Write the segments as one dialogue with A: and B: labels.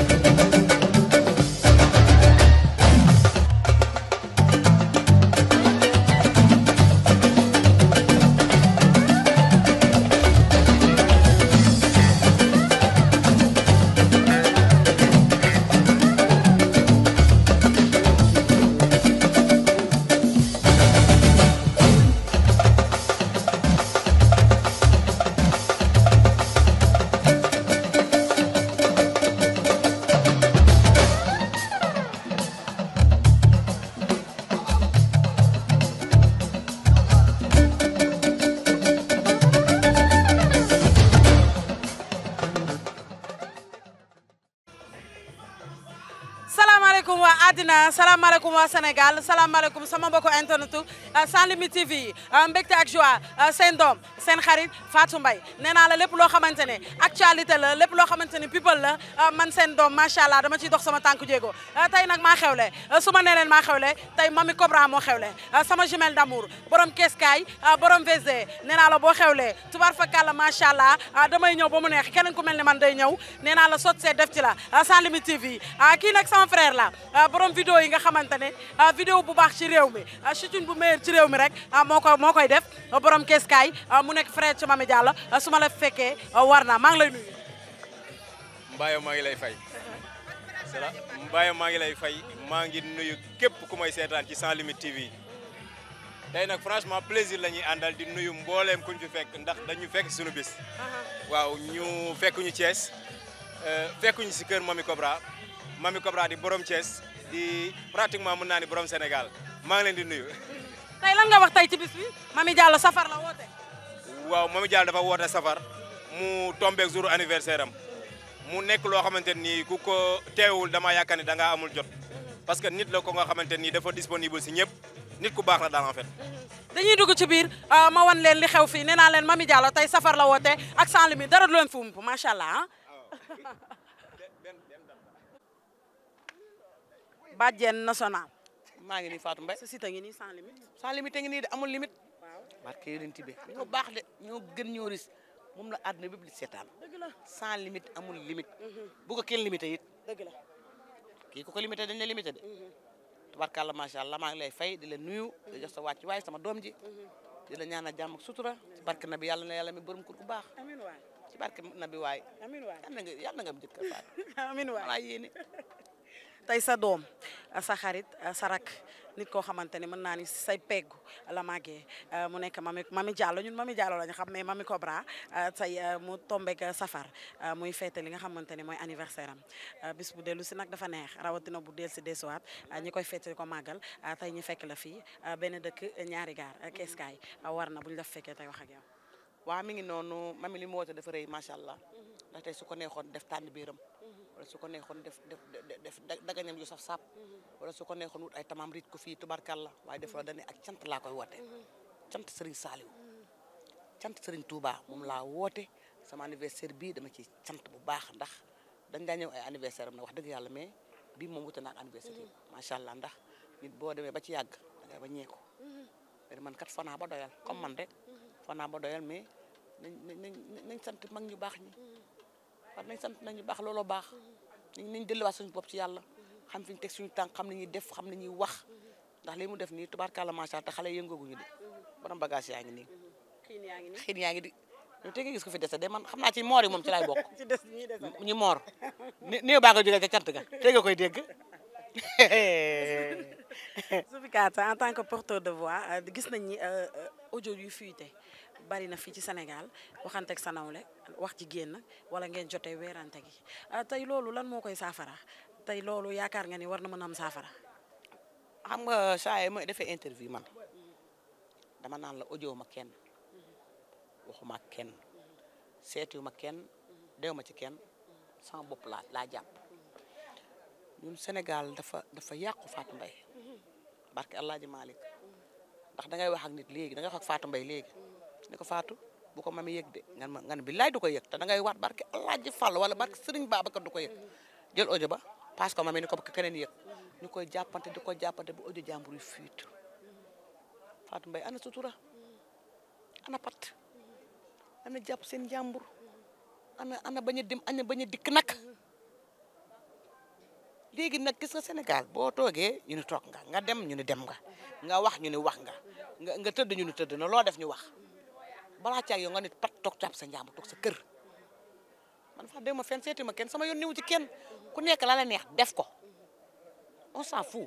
A: Thank you. àddina salaamaaleykum waa Sénégal salaamaaleykum sama mbokku internet euh, sans limite TV euh, mbégte ak joie euh, seen doom seen xarit Fatou Mbaye nee naa la lépp loo xamante ne actualité la lépp loo xamante ne people la man seen doom macha allah dama ciy dox sama tànku jéego tey nag maa xewle su ma nee leen maa xewle tey mami Cobra moo xewle sama jumelle d'amour borom keskaay borom VZ nee naa la boo xewlee tubaar fakàlla macha allah damay ñëw ba mu neex keneen ku mel ne man day ñëw nee la sot see ci la sans kii nag sama la. borom vidéo yi nga xamante ne ah, vidéo bu baax ci réew mi chutune ah, bu meilleur ci réew mi rek ah, moo koy moo koy def borom keskaay mu nekk frère ci Mami Diallo su ma la fekkee war naa maa ngi lay ngi lay fay. sala Mbaye maa ngi lay fay maa ngi nuyu képp ku may seetaan ci Sans Limite TV tey nag franchement plaisir la ñuy àndal di nuyu mbooleem ku ñu fekk ndax dañu fekk suñu bis. Uh-huh. ñu fekkuñu Thiès euh, si kër Mami Cobra Mami Cobra di borom Thiès di pratiquement mën naa ni borom Sénégal maa ngi leen di nuyu. tey lan nga wax tey ci bis bi Mamy Diallo safar la woote. waaw Mamy Diallo dafa woote safar mu tombeek jour anniversaire mu nekk loo xamante ni ku ko teewul dama yaakaar ni da ngaa amul jot parce que nit la ko nga xamante ni dafa disponible si ñëpp nit ku baax la daal en fait. dañuy dugg ci biir ah, ma wan leen li xew fii nee naa leen Mamy Diallo tey safar la woote ak sans limite dara du leen fumb macha ah. bàjjen national.
B: maa ngi nii Fatou Mbaye. sa site ngi nii sans limite. sans limite ngi nii amul limite. waaw barke yéen tibe ñoo baax de ñoo gën ñoo ris moom la àdduna bépp di seetaan. dëgg la sans limite amul limite. Mhm. bu ko kenn limité it. dëgg la kii ku ko limité dañ la limité de. Mhm. tabarkàlla macha allah maa ngi lay fay di la nuyu. di sa wàcc waaye sama doom ji. Mhm. di la ñaanal jàmm ak sutura. ci barke nabi yàlla na yàlla mi borom kur ku baax. si waay ci barke nabi waay. amiin na nga yàlla nga am jëkkër Fatou. amiin waay yéene
A: tey sa doom sa xarit sa rak nit koo xamante ne mën naa ni say peggu la màggee mu nekk mami mami Diallo ñun mi Diallo lañu xam mais mami Cobra tey mu tombeeg safar muy feete li nga xamante ne mooy anniversaire am bis bu dellu si nag dafa neex rawatina bu dellu si desuwaat ñi koy feete ko màggal tey ñu fekk
B: la fii benn dëkk ñaari gaar keeskaay war na bu ñu def fekkee tey wax ak yow. waaw mi ngi noonu ma mi li mu woote dafa rëy macha allah mhm. ndax tey su ko neexoon def tànn biiram. wala su ko neexoon def def def dagañam yu saf sap wala su ko neexoon wut ay tamaam rit ko fii tubarkalla waaye def la dane ak cant laa koy woote cant sëriñ Saaliw cant sëriñ Touba moom laa woote sama anniversaire bii dama ci cant bu baax ndax dañ daa ñëw ay anniversaire am na wax dëgg yàlla mais bi moom wute naa ak anniversaire yi macha allah ndax nit boo demee ba ci yàgg da ngay ba ñeeku mais man kat fanaa ba doyal comme man rek fanaa ba doyal mais nañ nañ nañ sant ñu baax ñi war nañ sant nañu baax looloo baax nañ delluwaat suñu bopp ci yàlla xam fi ñu suñu tànk xam ñuy def xam li ñuy wax ndax li mu def nii tubaarkàlla macha allah te xale yëngooguñu bagage yaa yaa ngi nii yaa ngi di te nga gis fi dese de man xam naa ci moor yi moom ci laay bokk. ci des ñuy dese ñu moor. néew baa nga jógee ca cant ga te nga koy dégg. Zouby Kata
A: en tant que porteur de voix euh, gis nañ ni euh, euh, audio yu fuité bari na fii ci Sénégal waxanteeg sa nawle wax ci génn wala ngeen jote weerante gi ah, tey loolu lan moo
B: koy saafara tey loolu yaakaar nga ni war na mën a am saafara. xam nga saa yi ma defee interview man dama naan la audio ma kenn waxuma kenn seetu ma kenn dew ma ci kenn sama bopp laa laa jàpp ñun Sénégal dafa dafa yàqu Fatou Mbaye barke a Hadj Malick ndax dangay wax nit léegi dangay wax ak mbay léegi. ne ko faatu bu ko mami yëg de ngan ma bi billaay du ko yëg te da ngay waat barke Alaaji Fall wala barke Sëriñ Babacar du ko yëg jël audio ba parce que mami ni ko keneen yëg ñu koy jàppante di ko jàppante bu audio jàmbur yi fuite Fatou Mbaye ana sutura ana pat ana jàpp seen jàmbur ana ana bañ dem ana bañ a dikk nag léegi nag gis nga Sénégal boo toogee ñu ni toog nga nga dem ñu ni dem nga nga wax ñu ni wax nga nga tëdd ñu ni tëdd na loo def ñu wax balaa caag yow nga nit pat toog jàpp sa njàmbur toog sa kër man fa dem ma fenn seeti ma kenn sama yoon niwu ci kenn ku nekk la la neex def ko on fu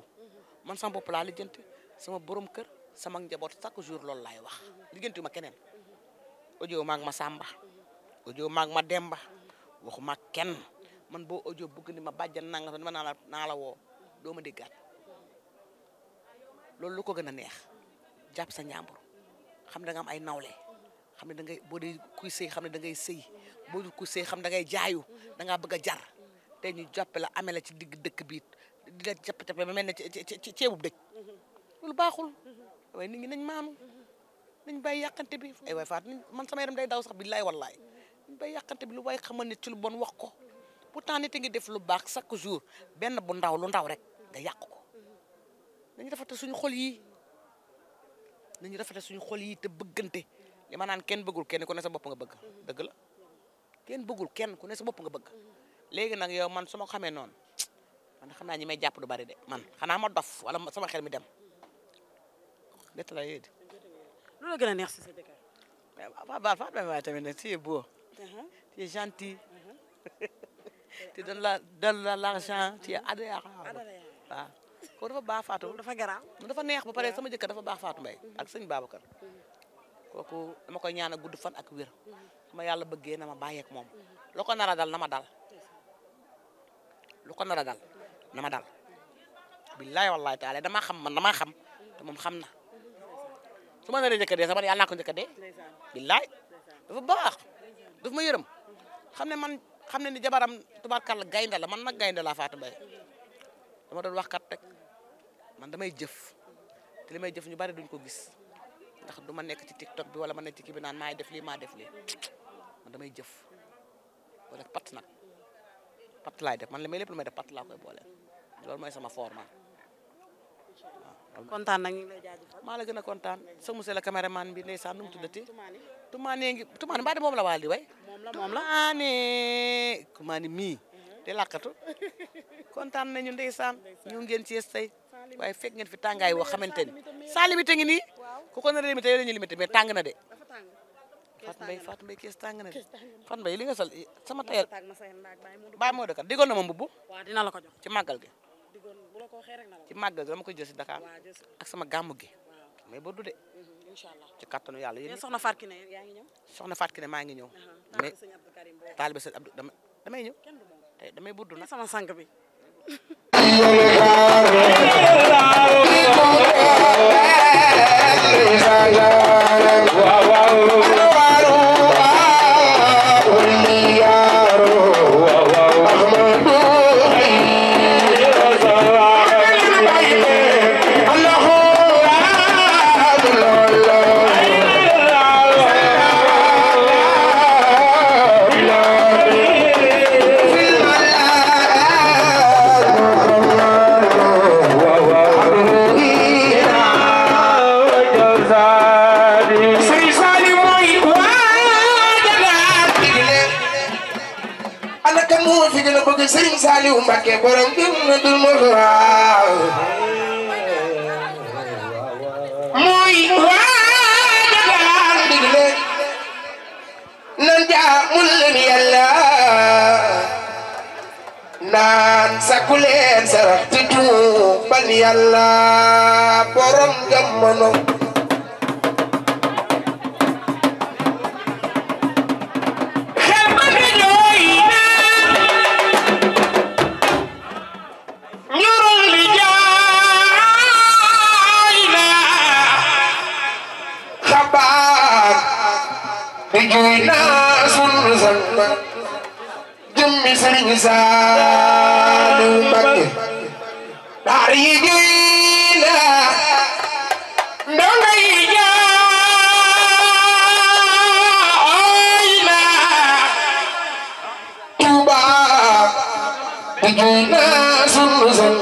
B: man sama bopp laa lijjanti sama borom kër sama njaboot chaque jour loolu laay wax lijjanti ma keneen ojo maag ma Samba audio mag ma Demba waxuma kenn man boo audio bëgg ma bàjjan nanga ma naa la naa la woo doo ma déggaat loolu lu ko gën a neex jàpp sa njàmbur xam da am ay nawle xam ne da ngay boo dee kuy sëy xam ne da ngay sëy boo dee kuy sëy xam da ngay jaayu da ngaa bëgg a jar te ñu jàppe la amee la ci digg dëkk bi di la jàpp jàpp ba mel ne ci ceebub dëj loolu baaxul waaye nit nañ maanu nañ bàyyi yàqante bi ay waay faat man sama day daw sax billaay wallaay nañ bàyyi yàqante bi lu waay xamal nit ci lu bon wax ko pourtant nit a ngi def lu baax chaque jour benn bu ndaw lu ndaw rek nga yàq ko nañu rafetal suñ xol yi nañu rafetal suñu xol yi te bëggante li naan kenn bëggul kenn ku ne sa bopp nga bëgg dëgg la kenn bëggul kenn ku ne sa bopp nga bëgg léegi nag yow man su ma xamee noonu man xam naa ñi may jàpp du bari de man xanaa ma dof wala sama xel mi dem dett la yéedi la gën a neex si sa jëkkër waaw baal faa demee waaye tamit nag tu es beau uh-huh. tu es gentil la donne la l'argent ko dafa baax Fatou dafa dafa neex ba pare sama jëkkër dafa baax faatu Mbaye ak sëñ Babacar mm-hmm. kooku dama koy ñaan gudd fan ak wér ma yàlla bëggee na ma bàyyeek moom lu ko dal na ma dal lu ko nar a dal na ma dal billaay wallaay taala damaa xam man damaa xam te moom xam na su ma naree njëkk a dee sama yàlla naa ko njëkk a dee billaay dafa baax daf ma yërëm xam ne man xam ne ni jabaram tubaarkàlla gaynde la man nag gaynde laa Fatou Mbaye dama doon wax kat rek man damay jëf te li jëf ñu bari duñ ko gis ndax du ma nekk ci tiktok bi wala ma nekk ci kii bi naan maay def lii maa def lii man damay jëf wala pat nag pat def man li may lépp lu may def pat laa koy boole loolu mooy sama format waaw. kontaan nag ñu ngi lay jaajëfal. maa la gën a kontaan sa monsieur le caméraman bi ndeysaan nu mu tuddati. tumaane ngi tumaane mbaa de moom la waal di way. moom la moom la tumaane tumaane mii. di làkkatu kontaan nañu ndeysaan ñu ngeen ci tey waaye fekk ngeen fi tàngaay woo xamante ni ngi nii. ku ko nar a limité yow la ñuy limité mais tàng na de. Fat Mbaye Fat Mbaye kees tàng na de Fat Mbaye li nga sol sama tayal bàyyi moo dëkkat diggoon na ma mbubb waaw dina la ko jox ci màggal gi ci màggal gi dama ko jël si Dakar ak sama gàmmu gi mais ba du de
A: mhm, inshallah ci
B: kattanu yàlla yéen soxna Fatou
A: Kiné yaa ngi ñëw
B: soxna Fatou Kiné maa ngi ñëw mais taalibe sëñ Abdou dama damay ñëw sànq bi
A: bëgg la bëgg Serigne Saliou Mbacké borom Jannatul Mahwa mooy waa Dakar digle nan jaamul leen Yàlla naan sakku leen sarax ti tuubal Yàlla borom jamono
B: di jooy naa sunu sang jëmmi sëriñ
A: Saaliw Mbàkke daara yi jooy naa ndongo
B: yi jooy naa
A: Tuuba di
B: jooy naa sunu sang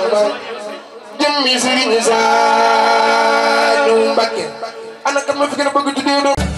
B: jëmmi sëriñ Saaliw Mbàkke ana kan ma fi gën a bëgg tuddee